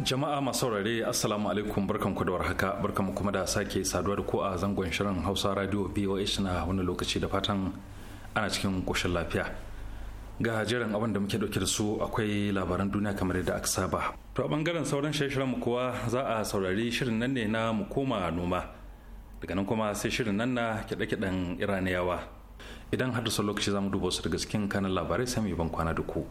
Jama'a masu saurare Assalamu alaikum ku da warhaka barkan kuma da sake saduwa da ku a zangon shirin Hausa Radio BOH na wani lokaci da fatan ana cikin koshin lafiya. Ga jiran abin da muke dauke da su akwai labaran duniya kamar yadda aka saba. To a bangaren sauran shirye mu kuwa za a saurari shirin nan ne na mu koma noma. Daga nan kuma sai shirin nan na kiɗe-kiɗen Iraniyawa. Idan har da lokaci za mu duba su daga cikin kanan labarai sai ban kwana da ku.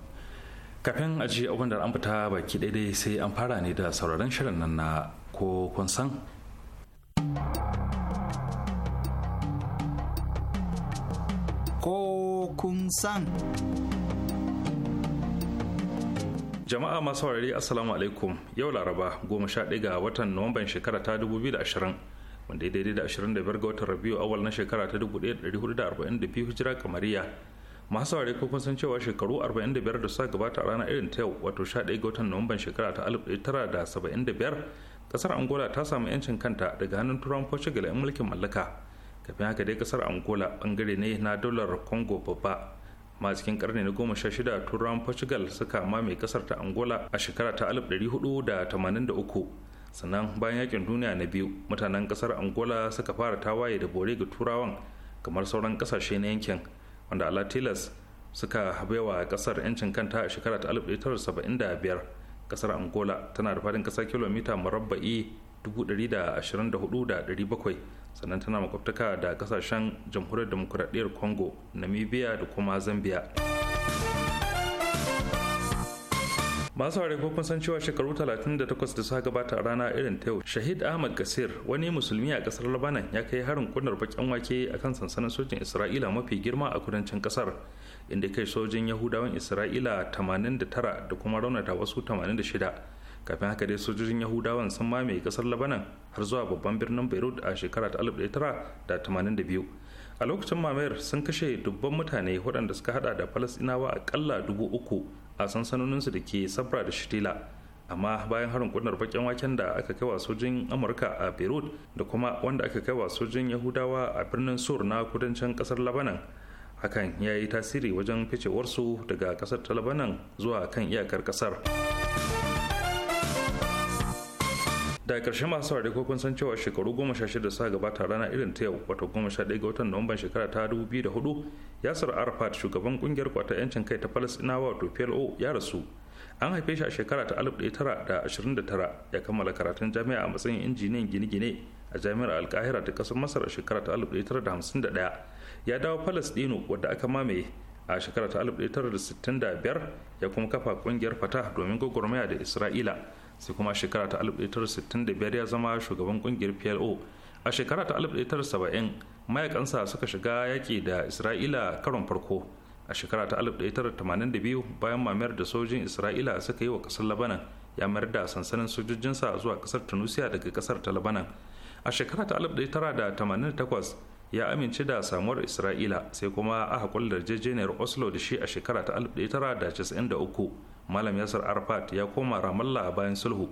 kafin a ji abin da an fita baki daidai sai an fara ne da sauraron shirin nan na ko kun san ko kun san jama'a masu saurari assalamu alaikum yau laraba goma sha ɗaya ga watan nuwamban shekara ta 2020 wanda ya daidai da 25 ga watan rabiu awal na shekara ta 1442 hijira kamariya masu saurare ko kun san cewa shekaru 45 da suka gabata a ranar irin ta yau wato 11 ga watan nuwamban shekara ta 1975 kasar angola ta samu yancin kanta daga hannun turawan portugal 'yan mulkin mallaka kafin haka dai kasar angola bangare ne na dolar congo babba amma cikin karni na goma sha shida turawan portugal suka mame kasar ta angola a shekara ta 1483 sannan bayan yakin duniya na biyu mutanen kasar angola suka fara tawaye da bore ga turawan kamar sauran kasashe na yankin wanda ala tilas suka baiwa kasar 'yancin kanta a shekara ta 1975 kasar angola tana da fadin kasa kilomita murabba'i bakwai sannan tana makwabtaka da ƙasashen jamhuriyar demokuraɗiyyar congo namibia da kuma zambia masu ware ko kun san cewa shekaru 38 da suka gabata a rana irin ta yau shahid ahmad gasir wani musulmi a kasar labanan ya kai harin kunar bakin wake a kan sansanin sojin isra'ila mafi girma a kudancin kasar inda kai sojin yahudawan isra'ila 89 da kuma raunata wasu 86 kafin haka dai sojojin yahudawan sun mamaye kasar labanan har zuwa babban birnin beirut a shekara ta 1982 a lokacin mamayar sun kashe dubban mutane waɗanda suka hada da falasɗinawa akalla dubu uku a sansanoninsu da ke sabra da shitila amma bayan harin kunar bakin waken da aka kai wa sojin amurka a beirut da kuma wanda aka kai wa sojin yahudawa a birnin sur na kudancin kasar labanan hakan ya yi tasiri wajen ficewarsu daga kasar ta labanan zuwa kan iyakar kasar da ƙarshe masu saurare ko kun san cewa shekaru goma sha shida sa gabata rana irin ta yau wata goma sha ɗaya ga watan nuwamban shekara ta dubu biyu da hudu yasir arafat shugaban ƙungiyar kwata yancin kai ta palestinawa wato plo ya rasu an haife shi a shekara ta alif ɗaya tara da ashirin da tara ya kammala karatun jami'a a matsayin injiniyan gine-gine a jami'ar alkahira ta ƙasar masar a shekara ta alif ɗaya tara da hamsin da ɗaya ya dawo falasɗinu wadda aka mamaye a shekara ta alif ɗaya tara da sittin da biyar ya kuma kafa ƙungiyar fatah domin gwagwarmaya da isra'ila sai kuma shekara ta 1965 ya zama shugaban kungiyar plo a shekara ta 1970 mayakansa suka shiga yaƙi da isra'ila karon farko a shekara ta 1982 bayan mamayar da sojin isra'ila suka yi wa ƙasar labanan ya mayar da sansanin sojojinsa zuwa ƙasar tunisia daga ƙasar ta labanan a shekara ta 1988 ya amince da samuwar isra'ila sai kuma aka kulle yarjejeniyar oslo da shi a shekara ta 1993 malam yasar arfat ya koma ramallah bayan sulhu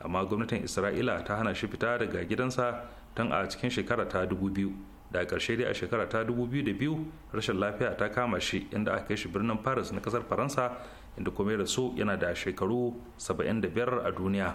amma gwamnatin isra'ila ta hana shi fita daga gidansa tun a cikin shekara ta 2000 da ƙarshe dai a shekara ta 2002 rashin lafiya ta kama shi inda aka kai shi birnin paris na kasar faransa inda kuma ya rasu yana da shekaru 75 a duniya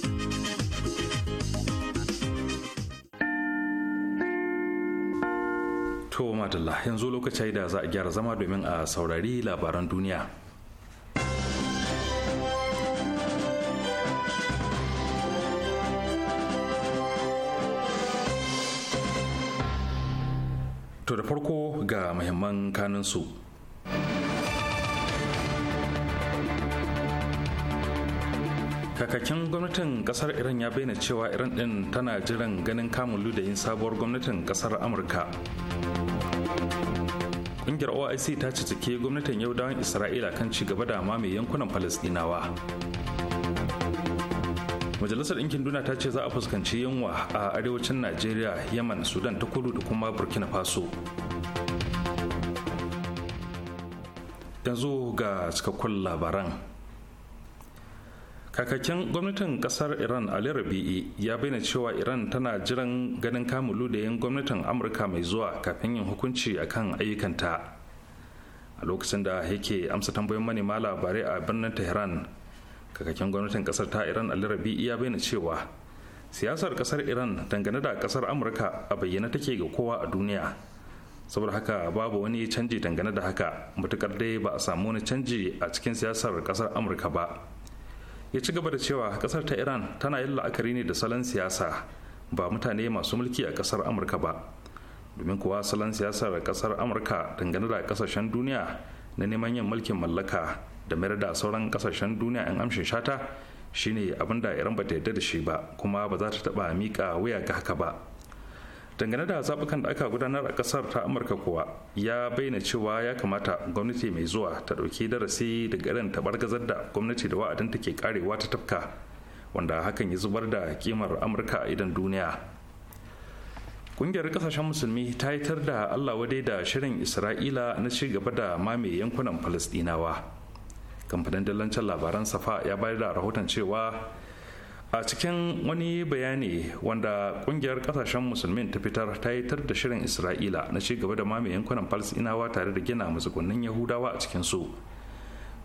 Abdullah yanzu lokaci da za a gyara zama domin a saurari labaran duniya to da farko ga muhimman kaninsu kakakin gwamnatin kasar iran ya bayyana cewa iran din tana jiran ganin kamun ludayin sabuwar gwamnatin kasar amurka Ƙungiyar OIC ta cike gwamnatin Yahudawan Isra'ila kan ci gaba da mamaye yankunan Falasɗinawa. Majalisar Ɗinkin Duna ta ce za a fuskanci yunwa a arewacin Najeriya, Yaman, Sudan ta kudu da kuma Burkina Faso. Yanzu ga cikakkun labaran. kakakken gwamnatin kasar iran ali rabi'i ya bayyana cewa iran tana jiran ganin kamulu da yin gwamnatin amurka mai zuwa kafin yin hukunci akan ayyukanta a lokacin da yake amsa tambayoyin manema labarai a birnin tehran kakakken gwamnatin kasar ta iran ali rabi'i ya bayyana cewa siyasar kasar iran dangane da kasar amurka a bayyana take ga kowa a duniya saboda haka babu wani canji dangane da haka matukar dai ba a samu wani canji a cikin siyasar kasar amurka ba ya ci gaba da cewa kasar ta iran tana yin la'akari ne da salon siyasa ba mutane masu mulki a kasar amurka ba domin kuwa salon siyasar kasar amurka dangane da kasashen duniya na neman yin mulkin mallaka da mayar da sauran kasashen duniya in amshin shata shine abin da iran ba ta yarda da shi ba kuma ba za ta taba mika wuya ga haka ba dangane da zaɓukan da aka gudanar a ƙasar ta amurka kuwa ya bayyana cewa ya kamata gwamnati mai zuwa ta ɗauki darasi daga irin taɓar-gazar da gwamnati da wa'adin ke karewa ta tafka wanda hakan ya zubar da kimar amurka a idan duniya ƙungiyar ƙasashen musulmi ta yitar da allah wadai da shirin isra'ila na ci gaba da mame yankunan Falasɗinawa, kamfanin dillancin labaran safa ya bayar da rahoton cewa a cikin wani bayani wanda kungiyar kasashen musulmin ta fitar ta yi tar da shirin isra'ila na ci gaba da mamaye yankunan falsinawa tare da gina matsugunnin yahudawa a cikin su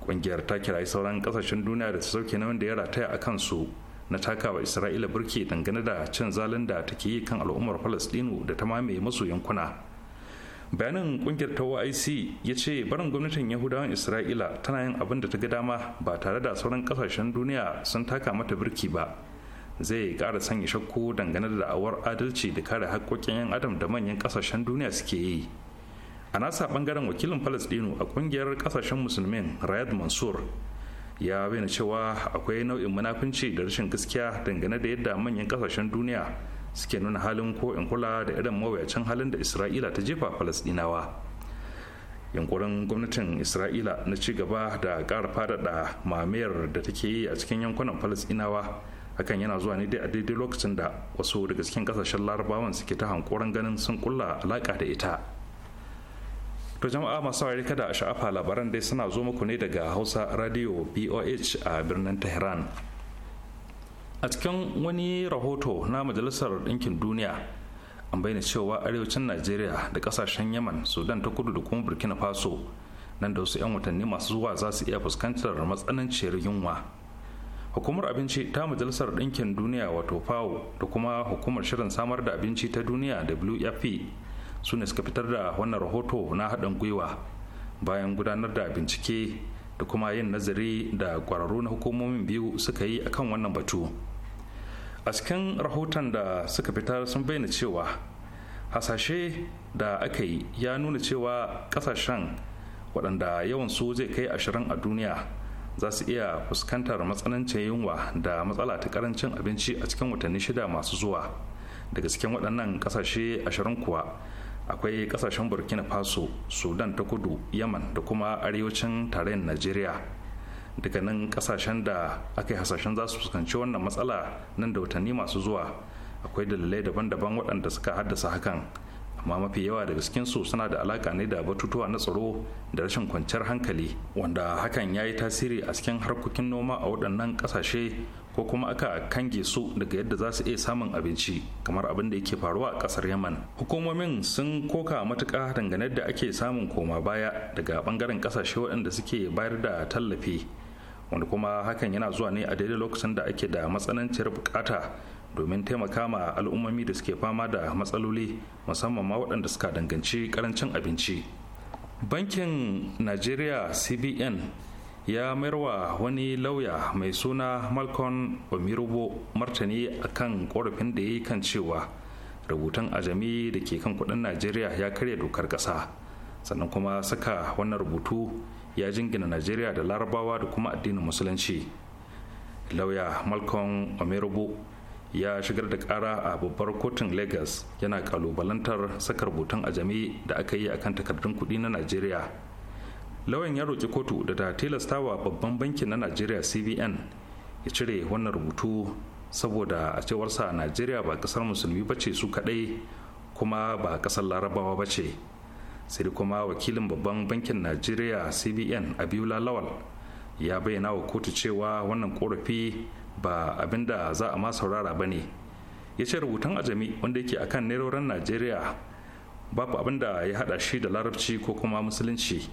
kungiyar ta kirayi sauran kasashen duniya da ta sauke na wanda ya rataya a kansu na takawa isra'ila burki dangane da cin zalin da take yi kan al'ummar palestinu da ta mamaye masu yankuna bayanin kungiyar ta oic ya ce barin gwamnatin yahudawan isra'ila tana yin abin da ta ga dama ba tare da sauran kasashen duniya sun taka mata birki ba zai kara sanya shakku dangane da da'awar adalci da kare haƙƙoƙin 'yan adam da manyan kasashen duniya suke yi a nasa bangaren wakilin palestino a kungiyar kasashen musulmin rayad mansur ya bayyana cewa akwai nau'in munafunci da rashin gaskiya dangane da yadda manyan kasashen duniya suke nuna halin ko in kula da irin mawuyacin halin da isra'ila ta jefa falasdinawa yankurin gwamnatin isra'ila na ci gaba da ƙara faɗaɗa mamayar da take yi a cikin yankunan falasdinawa hakan yana zuwa ne dai a daidai lokacin da wasu daga cikin ƙasashen larabawan suke ta hankoran ganin sun kulla alaƙa da ita to jama'a masu wari kada a sha'afa labaran dai suna zo muku ne daga hausa radio boh a birnin tehran a cikin wani rahoto na majalisar ɗinkin duniya an bayyana cewa arewacin najeriya da ƙasashen yaman sudan ta kudu da kuma burkina faso nan da wasu 'yan watanni masu zuwa za su iya fuskantar matsananciyar yunwa hukumar abinci ta majalisar ɗinkin duniya wato fao da kuma hukumar shirin samar da abinci ta duniya wfp su ne suka fitar da wannan rahoto na haɗin gwiwa bayan gudanar da bincike da kuma yin nazari da kwararru na hukumomin biyu suka yi a kan wannan batu a cikin rahoton da suka fitar sun bayyana cewa hasashe da aka yi ya nuna cewa kasashen waɗanda yawan su zai kai ashirin a duniya za su iya fuskantar matsanancin yunwa da matsala ta karancin abinci a cikin watanni shida masu zuwa daga cikin waɗannan ƙasashe ashirin kuwa akwai kasashen burkina faso sudan ta kudu yaman da kuma arewacin tarayyar najeriya Daga nan kasashen da aka yi hasashen za su fuskanci wannan matsala nan da watanni masu zuwa akwai dalilai daban-daban waɗanda suka haddasa hakan amma mafi yawa daga su suna da alaƙa ne da batutuwa na tsaro da rashin kwanciyar hankali wanda hakan ya yi tasiri a cikin harkokin noma a waɗannan ƙasashe ko kuma aka kange su daga yadda za su iya samun abinci kamar abin da yake faruwa a kasar yaman hukumomin sun koka matuka dangane da ake samun koma baya daga bangaren kasashe waɗanda suke bayar da tallafi wanda kuma hakan yana zuwa ne a daidai lokacin da ake da matsananciyar bukata domin taimaka ma al'ummomi da suke fama da matsaloli musamman ma waɗanda suka danganci karancin abinci bankin najeriya cbn ya mayarwa wani lauya mai suna malcolm omirubo martani akan korafin da ya yi kan cewa rubutun ajami da ke kan kudin najeriya ya karya dokar kasa sannan kuma saka wannan rubutu ya jingina najeriya da larabawa da kuma addinin musulunci lauya malcolm omirubo ya shigar da kara a babbar kotun lagos yana kalubalantar saka rubutun ajami da aka yi akan takardun kudi na najeriya lauyan ya roƙi kotu da ta tilastawa babban bankin na najeriya cbn ya cire wannan rubutu saboda a cewarsa najeriya ba kasar musulmi ba ce su kaɗai kuma ba kasar larabawa ba ce sai kuma wakilin babban bankin najeriya cbn biyu lawal ya bayyana wa kotu cewa wannan korafi ba abin da za a ma saurara ba ne ya ce rubutun ajami wanda yake akan nerorin najeriya babu abin da ya hada shi da larabci ko kuma musulunci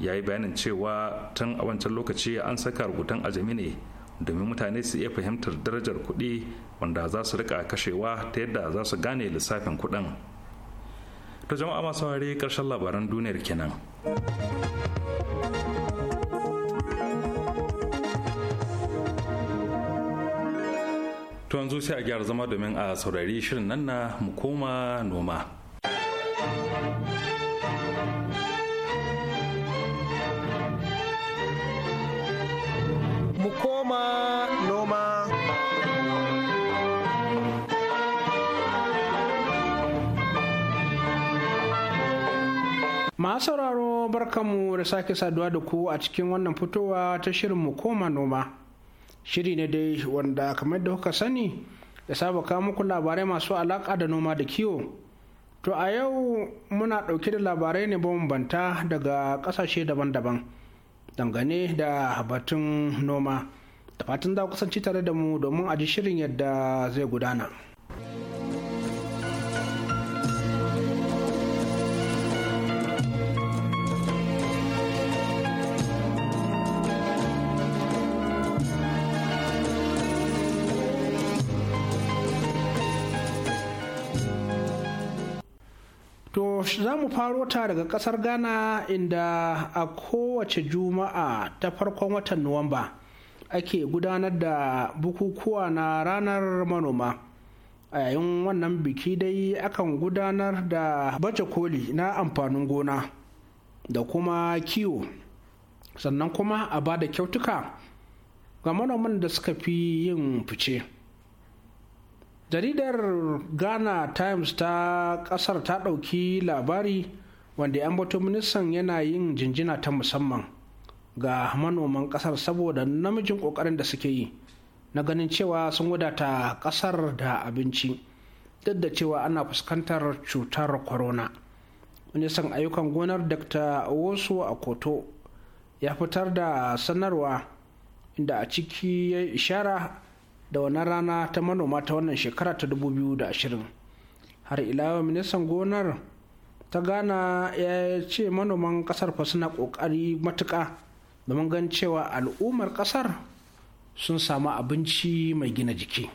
ya yi bayanin cewa tun a wancan lokaci an saka rubutun azumi ne domin mutane su iya fahimtar darajar kuɗi wanda za su rika kashewa ta yadda za su gane lissafin kuɗin ta jama'a masu ware ƙarshen labaran duniyar kenan to yanzu sai a gyara zama domin a saurari shirin nan na mu koma noma Ma noma masu sauraro barkanmu da sake saduwa da ku a cikin wannan fitowa ta shirin mu koma noma shiri ne dai wanda kamar da kuka sani da saba kawo muku labarai masu alaƙa da noma da kiwo to a yau muna ɗauke da labarai ne bambanta daga ƙasashe daban-daban dangane da batun noma da fatan za kusanci tare da mu domin a ji shirin yadda zai gudana. To za mu faro ta daga kasar Ghana inda a kowace juma'a ta farkon watan Nuwamba. ake gudanar da bukukuwa na ranar manoma a yayin wannan biki dai akan gudanar da baje koli na amfanin gona da kuma kiwo sannan kuma a ba da kyautuka ga manoman da suka fi yin fice jaridar ghana times ta kasar ta ɗauki labari wanda 'yan ministan yana yin jinjina ta musamman ga manoman kasar saboda namijin kokarin da suke yi na ganin cewa sun wadata kasar da abinci duk da cewa ana fuskantar cutar corona wani ayyukan gonar dr wasu a koto ya fitar da sanarwa inda a ciki ya ishara da wani rana ta manoma ta wannan shekara ta 2020 har ilawa ministan gonar ta gana ya ce manoman kasar fa suna kokari matuka domin gan cewa al'ummar ƙasar sun samu abinci mai gina jiki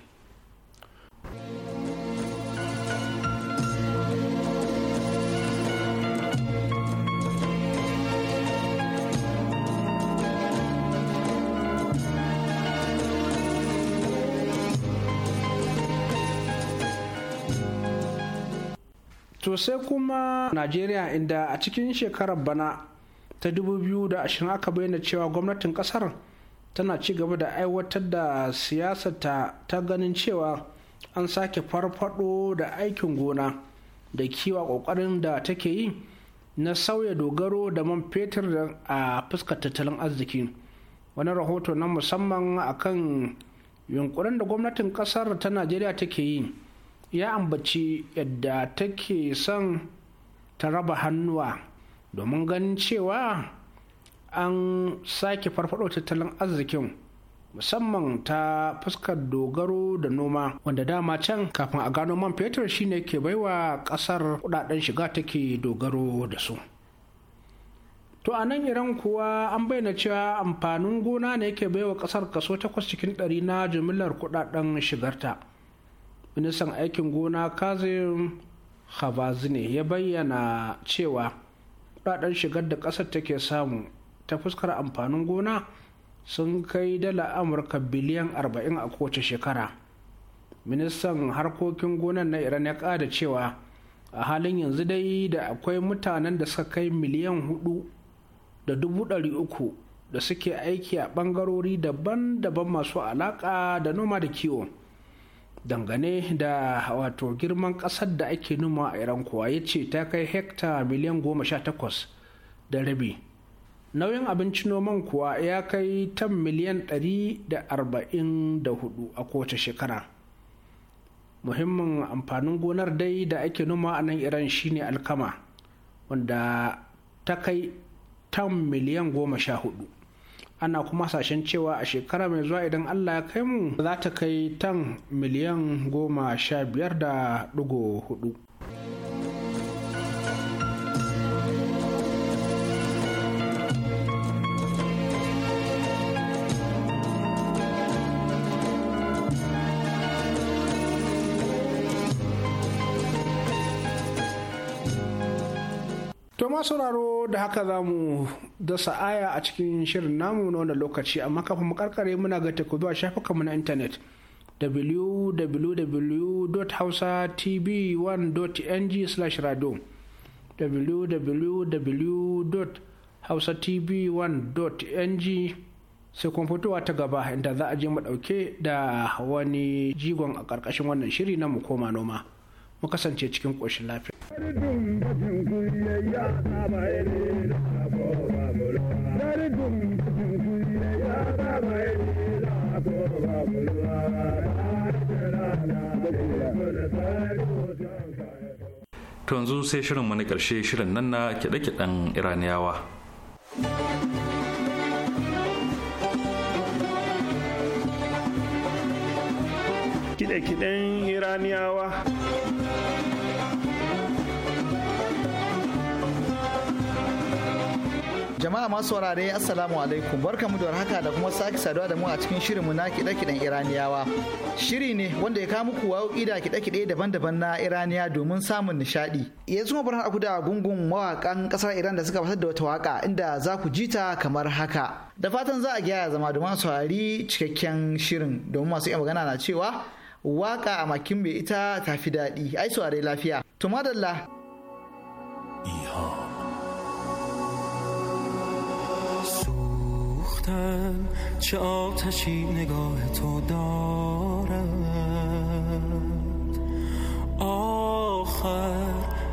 To sai kuma Najeriya inda a cikin shekarar bana ta 2020 aka bayyana cewa gwamnatin kasar tana ci gaba da aiwatar da siyasata ta ganin cewa an sake farfado da aikin gona da kiwa kokarin da take yi na sauya dogaro da man fetur a fuskar tattalin arziki wani rahoto na musamman a kan yunkurin da gwamnatin kasar ta najeriya take yi ya ambaci yadda take son ta raba hannuwa domin ganin cewa an sake farfado tattalin arzikin musamman ta fuskar dogaro da noma wanda dama can kafin a gano man fetur shine ke baiwa kasar kudaden shiga take dogaro da su to a nan iran kuwa an bayyana cewa amfanin gona ne ke baiwa kasar kaso takwas cikin 100 na jimillar kudaden shigarta ministan aikin gona kazim khabazine ya bayyana cewa kudaden shigar da kasar take samu ta fuskar amfanin gona sun kai dala amurka biliyan 40 a kowace shekara ministan harkokin gonan na iran ya kada cewa a halin yanzu dai da akwai mutanen da suka kai miliyan huɗu da dubu ɗari uku da suke aiki a ɓangarori daban-daban masu alaƙa da noma da kiwo. dangane da wato girman ƙasar da ake noma a iran kuwa ya ce ta kai hekta miliyan goma sha takwas da rabi nauyin abinci noman kuwa ya kai tan miliyan ɗari da arba'in da hudu a kowace shekara muhimmin amfanin gonar dai da ake noma a nan iran shine alkama wanda ta kai tan miliyan goma sha hudu ana kuma hasashen cewa a shekara mai zuwa idan allah ya kai mu za ta kai tan miliyan goma sha biyar da ɗigo hudu sauraro da haka za mu dasa aya a cikin shirin namu na wannan lokaci amma kafin mu karkare muna ga ku zuwa shafukanmu na intanet www.hausatv1.ng/radio www.hausatv1.ng sai kuma fitowa ta gaba inda za a je mu dauke da wani jigon a karkashin wannan shiri na mu koma noma. mu kasance cikin ƙoshin lafiya. To yanzu sai shirin na ƙarshe shirin nan na kiɗe-kiɗen Iraniyawa. Kiɗe-kiɗen Iraniyawa. jama'a masu saurare assalamu alaikum barkamu da warhaka da kuma sake saduwa da mu a cikin shirinmu na kiɗe-kiɗen iraniyawa shiri ne wanda ya kawo muku waƙoƙi da kiɗe-kiɗe daban-daban na iraniya domin samun nishaɗi yanzu mu bar haku da gungun mawaƙan ƙasar iran da suka fitar da wata waƙa inda za ku ji ta kamar haka da fatan za a gyara zama domin saurari cikakken shirin domin masu iya magana na cewa waƙa a makin bai ita tafi daɗi ai saurari lafiya to madalla گفتن چه آتشی نگاه تو دارد آخر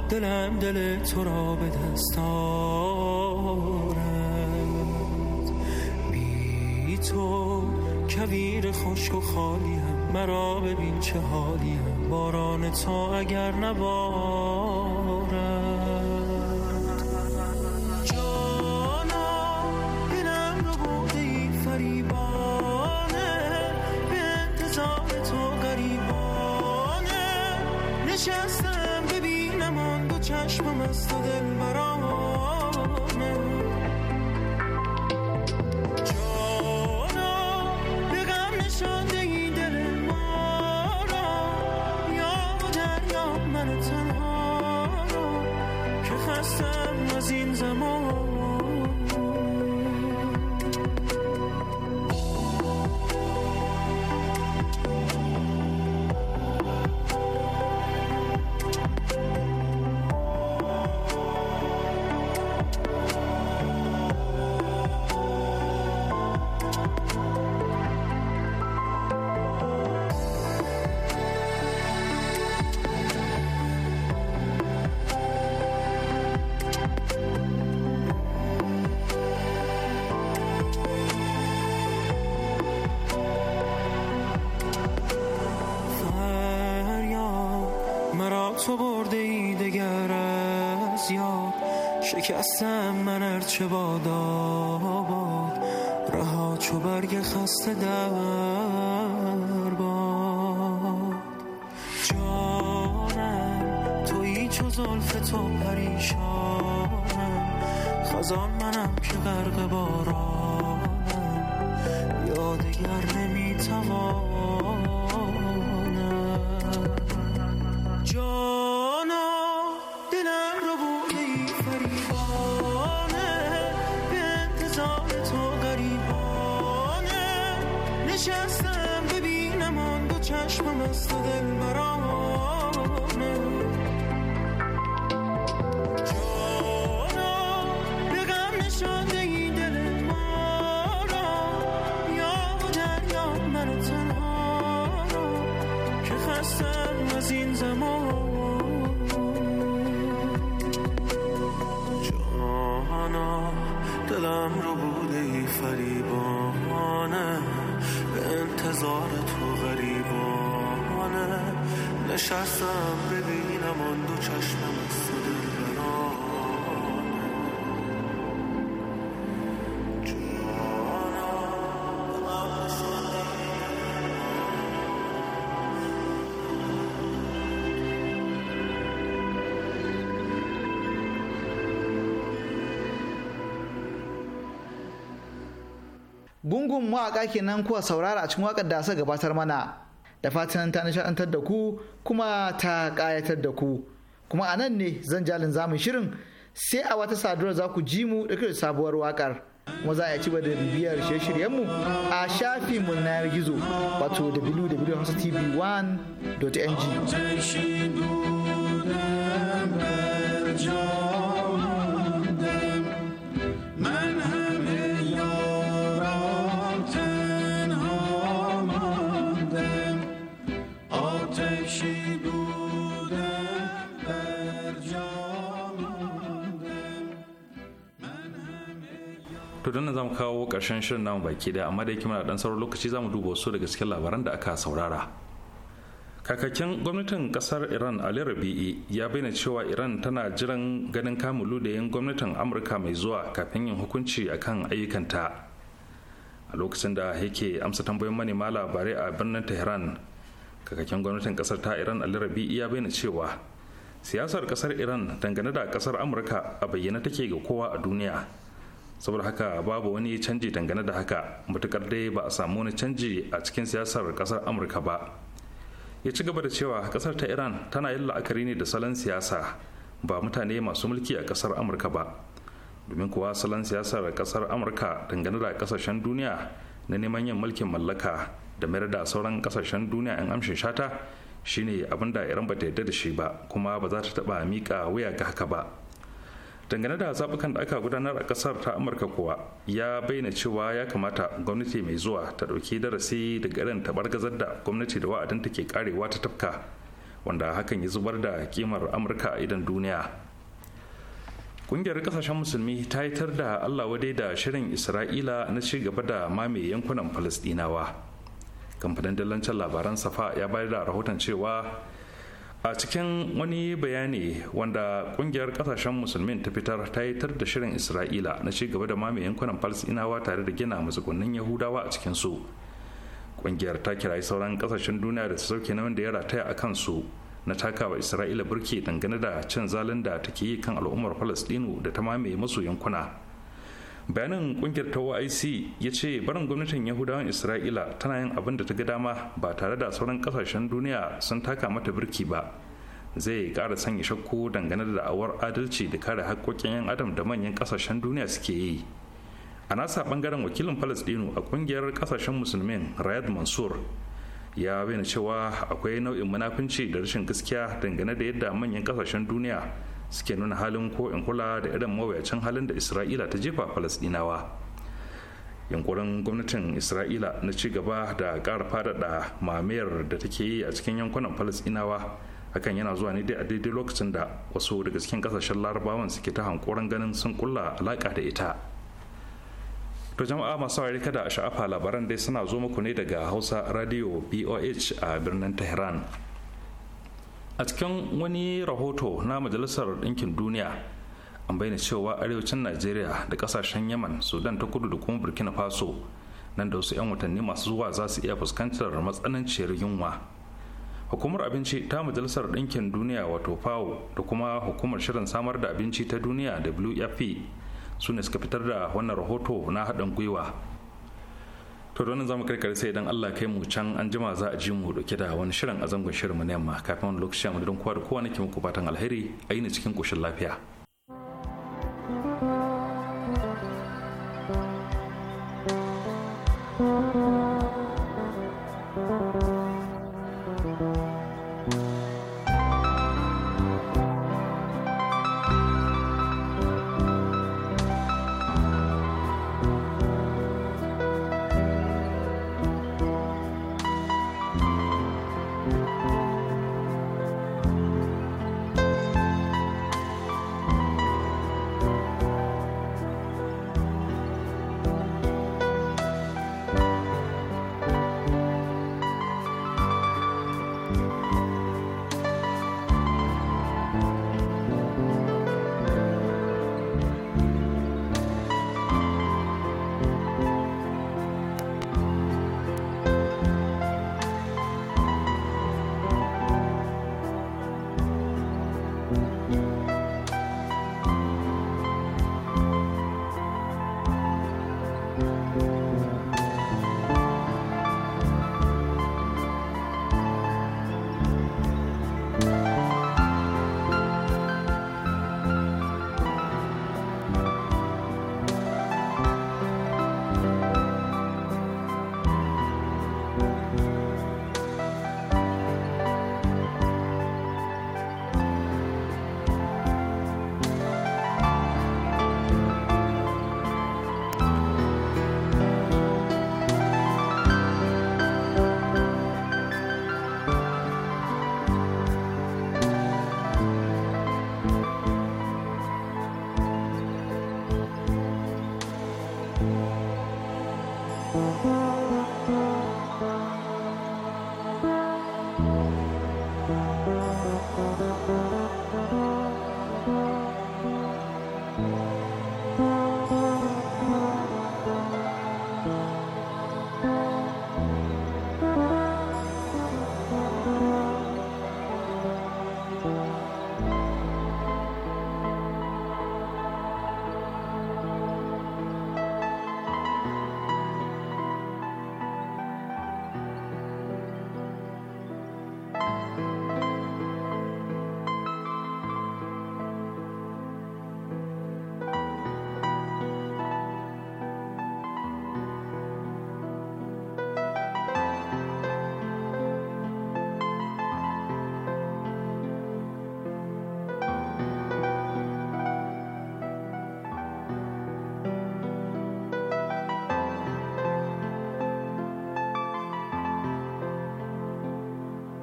دلم دل تو را به دست آرد بی تو کویر خشک و خالیم مرا ببین چه حالیم باران تو اگر نباد نشستم ببینم آن دو چشمم از تو دل برام بهتر شکستم من ارچه باد رها چو برگ خسته در باد جانم تویی چو زلف تو پریشانم خزان منم که غرق بارانم یادگر نمیتوانم جانم چشم مثل دل برامانه جانا به غم نشانده ای دل ما را یا دریا من تنها را که خستم از این زمان جانا دلم رو بوده ای فریبانه انتظار تو غریب خونه نشستم ببینم آن دو چشمم از تو gungun mawaƙa kenan kuwa saurara a cikin waƙar da suka gabatar mana da fatan ta nishaɗantar da ku kuma ta ƙayatar da ku kuma a nan ne zan jalin zamun shirin sai a wata saduwar za ku ji mu da sabuwar waƙar kuma za a ci da bibiyar shirye-shiryenmu a shafin na gizo wato www.tv1.ng to za zamu kawo karshen shirin namu baki da amma da kima dan sauran lokaci zamu duba wasu daga cikin labaran da aka saurara kakakin gwamnatin kasar iran ali rabi'i ya bayyana cewa iran tana jiran ganin kamulu da yin gwamnatin amurka mai zuwa kafin yin hukunci akan ayyukanta a lokacin da yake amsa tambayoyin manema labarai a birnin tehran kakakin gwamnatin kasar ta iran ali rabi'i ya bayyana cewa siyasar kasar iran dangane da kasar amurka a bayyana take ga kowa a duniya saboda haka babu wani canji dangane da haka matukar dai ba a samu wani canji a cikin siyasar kasar amurka ba ya ci gaba da cewa kasar ta iran tana yin la'akari ne da salon siyasa ba mutane masu mulki a kasar amurka ba domin kuwa salon siyasar kasar amurka dangane da kasashen duniya na neman yin mulkin mallaka da mayar da sauran kasashen duniya in amshin shata shine abin da iran ba ta yarda da shi ba kuma ba za ta taba mika wuya ga haka ba dangane da zaɓukan da aka gudanar a ƙasar ta amurka kuwa ya bayyana cewa ya kamata gwamnati mai zuwa ta ɗauki darasi daga irin taɓar-gazar da gwamnati da wa'adin ke karewa ta tafka wanda hakan ya zubar da kimar amurka a idan duniya ƙungiyar ƙasashen musulmi ta yitar da allah wadai da shirin isra'ila na ci gaba da mame yankunan Falasɗinawa, kamfanin dillancin labaran safa ya bayar da rahoton cewa a cikin wani bayani wanda kungiyar kasashen musulmin ta fitar ta yi tar da shirin isra'ila na ci gaba da mamaye yankunan falsinawa tare da gina matsugunnin yahudawa a cikin su kungiyar ta kirayi sauran kasashen duniya da ta sauke na wanda ya rataya a kan su na takawa isra'ila burki dangane da cin zalin da take yi kan al'ummar palestinu da ta mamaye masu yankuna bayanin kungiyar ta oic ya ce barin gwamnatin yahudawan isra'ila tana yin abin da ta ga dama ba tare da sauran kasashen duniya sun taka mata birki ba zai ƙara sanya shakku dangane da da'awar adalci da kare haƙƙoƙin 'yan adam da manyan kasashen duniya suke yi a nasa bangaren wakilin palestino a kungiyar kasashen musulmin rayad mansur ya bayyana cewa akwai nau'in munafunci da rashin gaskiya dangane da yadda manyan kasashen duniya suke nuna halin ko in kula da irin mawuyacin halin da isra'ila ta jefa falasdinawa yankurin gwamnatin isra'ila na ci gaba da ƙara faɗaɗa mamayar da take yi a cikin yankunan falasdinawa hakan yana zuwa ne dai a daidai lokacin da wasu daga cikin ƙasashen larabawan suke ta hankoran ganin sun kulla alaƙa da ita to jama'a masu wari kada a sha'afa labaran dai suna zo muku ne daga hausa radio boh a birnin tehran a cikin wani rahoto na majalisar ɗinkin duniya an bayyana cewa arewacin najeriya da ƙasashen yaman sudan ta kudu da kuma burkina faso nan da wasu 'yan watanni masu zuwa za su iya fuskantar matsananciyar yunwa hukumar abinci ta majalisar ɗinkin duniya wato fao da kuma hukumar shirin samar da abinci ta duniya wfp su ne suka fitar da wannan rahoto na haɗin gwiwa to da zamu karkare sai idan Allah kai mu can an jima za a ji mu dauke da wani shirin a zangon shirin mu ne yamma kafin wani lokaci mu don kowa da kowa nake muku fatan alheri a yi cikin koshin lafiya